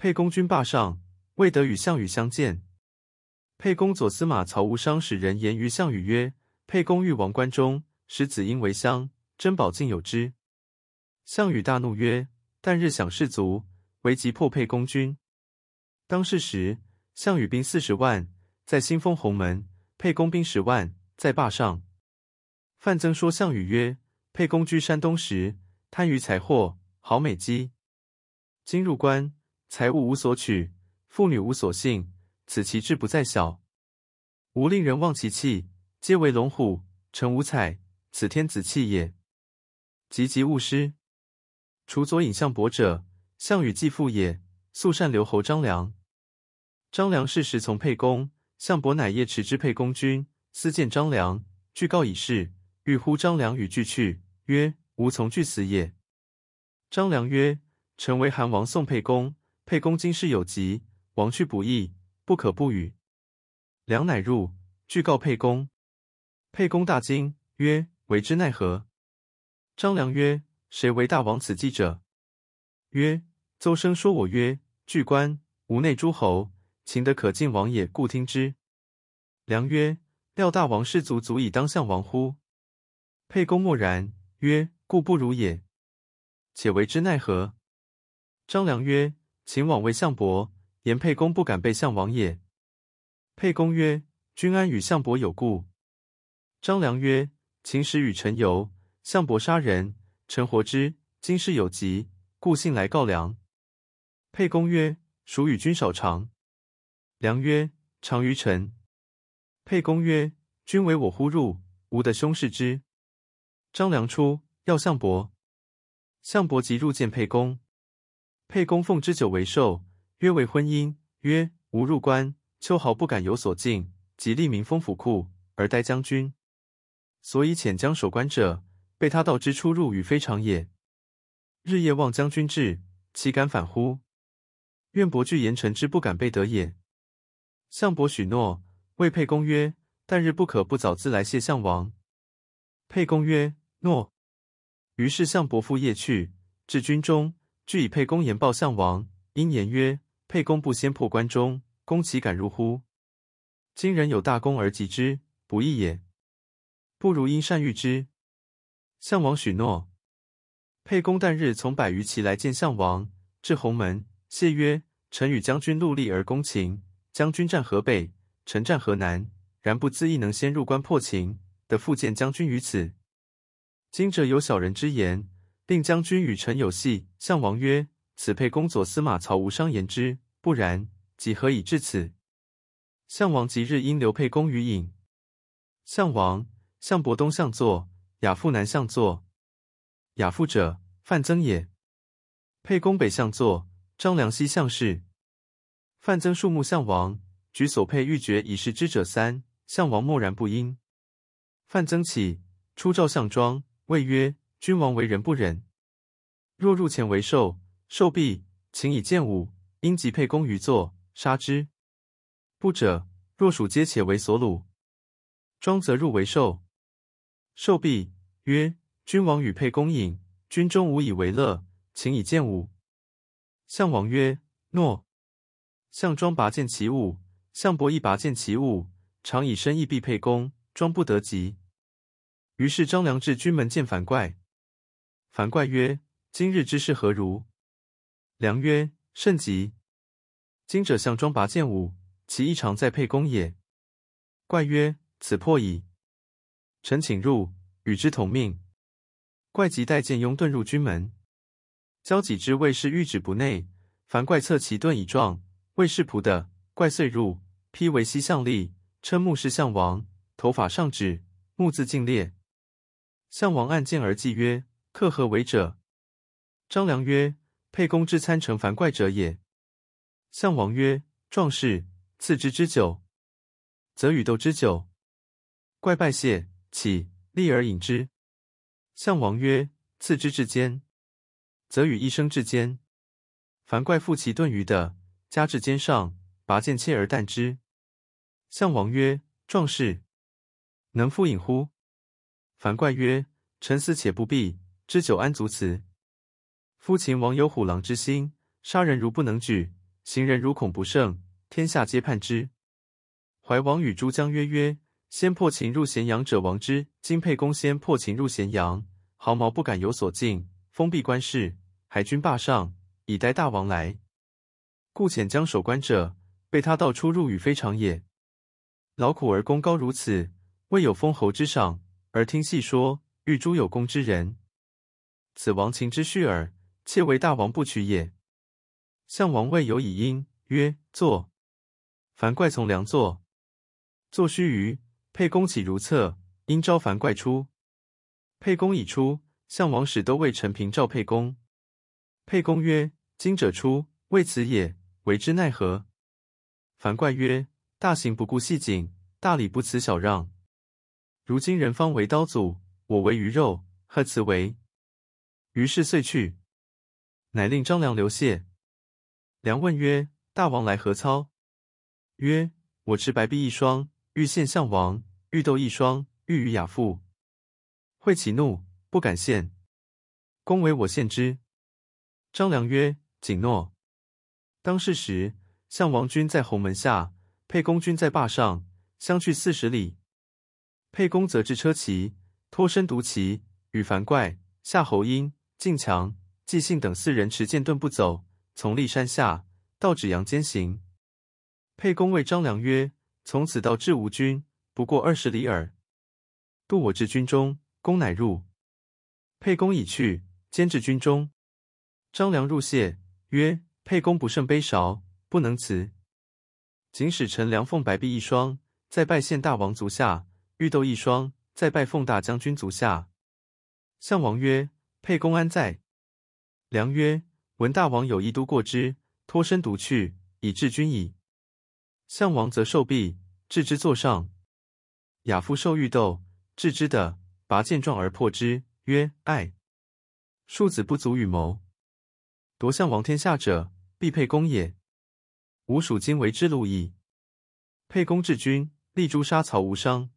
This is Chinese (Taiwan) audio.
沛公軍霸上，未得與項羽相見。沛公左司馬曹無傷使人言於項羽曰：“沛公欲王關中，使子嬰為相，珍寶盡有之。”項羽大怒曰：“旦日饗士卒，為擊破沛公軍。”當是時，項羽兵四十萬，在新豐鴻門；沛公兵十萬，在霸上。范增說項羽曰：“沛公居山東時，貪於財貨，好美姬，今入關。”財物無所取，婦女無所幸，此其志不在小。吾令人望其氣，皆為龍虎，成五彩，此天子氣也。急擊勿失，楚左尹項伯者，項羽季父也，素善留侯張良。張良是時從沛公，項伯乃夜馳之沛公軍，私見張良，具告以事，欲呼張良與俱去，曰：毋從俱死也。張良曰：臣為韓王送沛公。沛公今事有急，亡去不義，不可不語。良乃入，具告沛公。沛公大驚，曰：“為之奈何？”張良曰：“誰為大王此計者？”曰：“鯫生說我曰：‘距關，毋內諸侯，秦地可盡王也。’故聽之。”良曰：“料大王士卒足以當項王乎？”沛公默然，曰：“固不如也。且為之奈何？”張良曰：請往謂項伯，言沛公不敢背項王也。沛公曰：君安與項伯有故？張良曰：秦時與臣遊，項伯殺人，臣活之。今事有急，故幸來告良。沛公曰：孰與君少長？良曰：長於臣。沛公曰：君為我呼入，吾得兄事之。張良出，要項伯。項伯即入見沛公。沛公奉卮酒為壽，約為婚姻，曰吾入關，秋毫不敢有所近，籍吏民封府庫，而待將軍。所以遣將守關者，備他盜之出入與非常也。日夜望將軍至，豈敢反乎？願伯具言臣之不敢倍德也。項伯許諾，謂沛公曰：“旦日不可不早自來謝項王。”沛公曰：“諾。”於是項伯復夜去，至軍中。具以沛公言報項王，因言曰：“沛公不先破關中，公豈敢入乎？今人有大功而擊之，不義也。不如因善遇之。”項王許諾。沛公旦日從百餘騎來見項王，至鴻門，謝曰：“臣與將軍戮力而攻秦，將軍戰河北，臣戰河南，然不自意能先入關破秦，得復見將軍於此。今者有小人之言。”令將軍與臣有郤。項王曰：“此沛公左司馬曹無傷言之，不然，籍何以至此？”項王即日因留沛公與飲。項王、項伯東向坐，亞父南向坐，亞父者，范增也。沛公北向坐，張良西向侍。范增數目項王，舉所佩玉玦以示之者三。項王默然不應。范增起，出召項莊，謂曰：君王為人不忍，若入前為壽，壽畢，請以劍舞。因擊沛公於坐，殺之。不者，若屬皆且為所虜。莊則入為壽，壽畢，曰：“君王與沛公飲，軍中無以為樂，請以劍舞。”項王曰：“諾。”項莊拔劍起舞，項伯亦拔劍起舞，常以身翼蔽沛公，莊不得擊。於是張良至軍門見樊噲。樊噲曰：“今日之事何如？”良曰：“甚急。今者項莊拔劍舞，其意常在沛公也。”噲曰：“此迫矣。”臣請入，與之同命。噲即帶劍擁盾入軍門，交戟之衛士欲止不內。樊噲側其盾以撞，衛士仆地。噲遂入，披帷西向立，瞋目視項王，頭髮上指，目眥盡裂。項王按劍而跽曰。客何為者？張良曰：“沛公之參乘樊噲者也。”項王曰：“壯士，賜之卮酒，則與斗卮酒。噲拜謝，起，立而飲之。”項王曰：“賜之彘肩，則與一生彘肩。樊噲覆其盾於地，加彘肩上，拔劍切而啖之。”項王曰：“壯士，能復飲乎？”樊噲曰：“臣死且不避。”卮酒安足辭。夫秦王有虎狼之心，殺人如不能舉，刑人如恐不勝，天下皆叛之。懷王與諸將約曰：“先破秦入咸陽者王之。”今沛公先破秦入咸陽，毫毛不敢有所近，封閉官室，還軍霸上，以待大王來。故遣將守關者，備他盜出入與非常也，勞苦而功高如此，未有封侯之賞，而聽細說，欲誅有功之人。此亡秦之續耳，竊為大王不取也。項王未有以應曰：“坐。”樊噲從良坐。坐須臾，沛公起如廁，因招樊噲出。沛公已出，項王使都尉陳平召沛公。沛公曰：“今者出，未辭也，為之奈何？”樊噲曰：“大行不顧細謹，大禮不辭小讓。如今人方為刀俎，我為魚肉，何辭為？”於是遂去，乃令張良留謝。良問曰：“大王來何操？”曰：“我持白璧一雙，欲獻項王；玉斗一雙，欲與亞父。”會其怒，不敢獻。公為我獻之。張良曰：“謹諾。”當是時，項王軍在鴻門下，沛公軍在霸上，相距四十里。沛公則置車騎，脫身獨騎，與樊噲、夏侯嬰、靳強、紀信等四人持劍盾步走，從酈山下，道芷陽間行。沛公謂張良曰：“從此道至吾軍，不過二十里耳。度我至軍中，公乃入。”沛公已去，間至軍中。張良入謝曰：“沛公不勝杯杓，不能辭。謹使臣良奉白璧一雙，再拜獻大王足下；玉斗一雙，再拜奉大將軍足下。”項王曰。沛公安在？良曰：“聞大王有一都過之，脫身獨去，以至君矣。”項王則受璧，至之坐上。亞夫受欲斗，至之的，拔劍撞而破之，曰：“愛。庶子不足與謀。奪項王天下者，必沛公也。吾屬今為之路矣。治”沛公至軍，立誅殺曹無傷。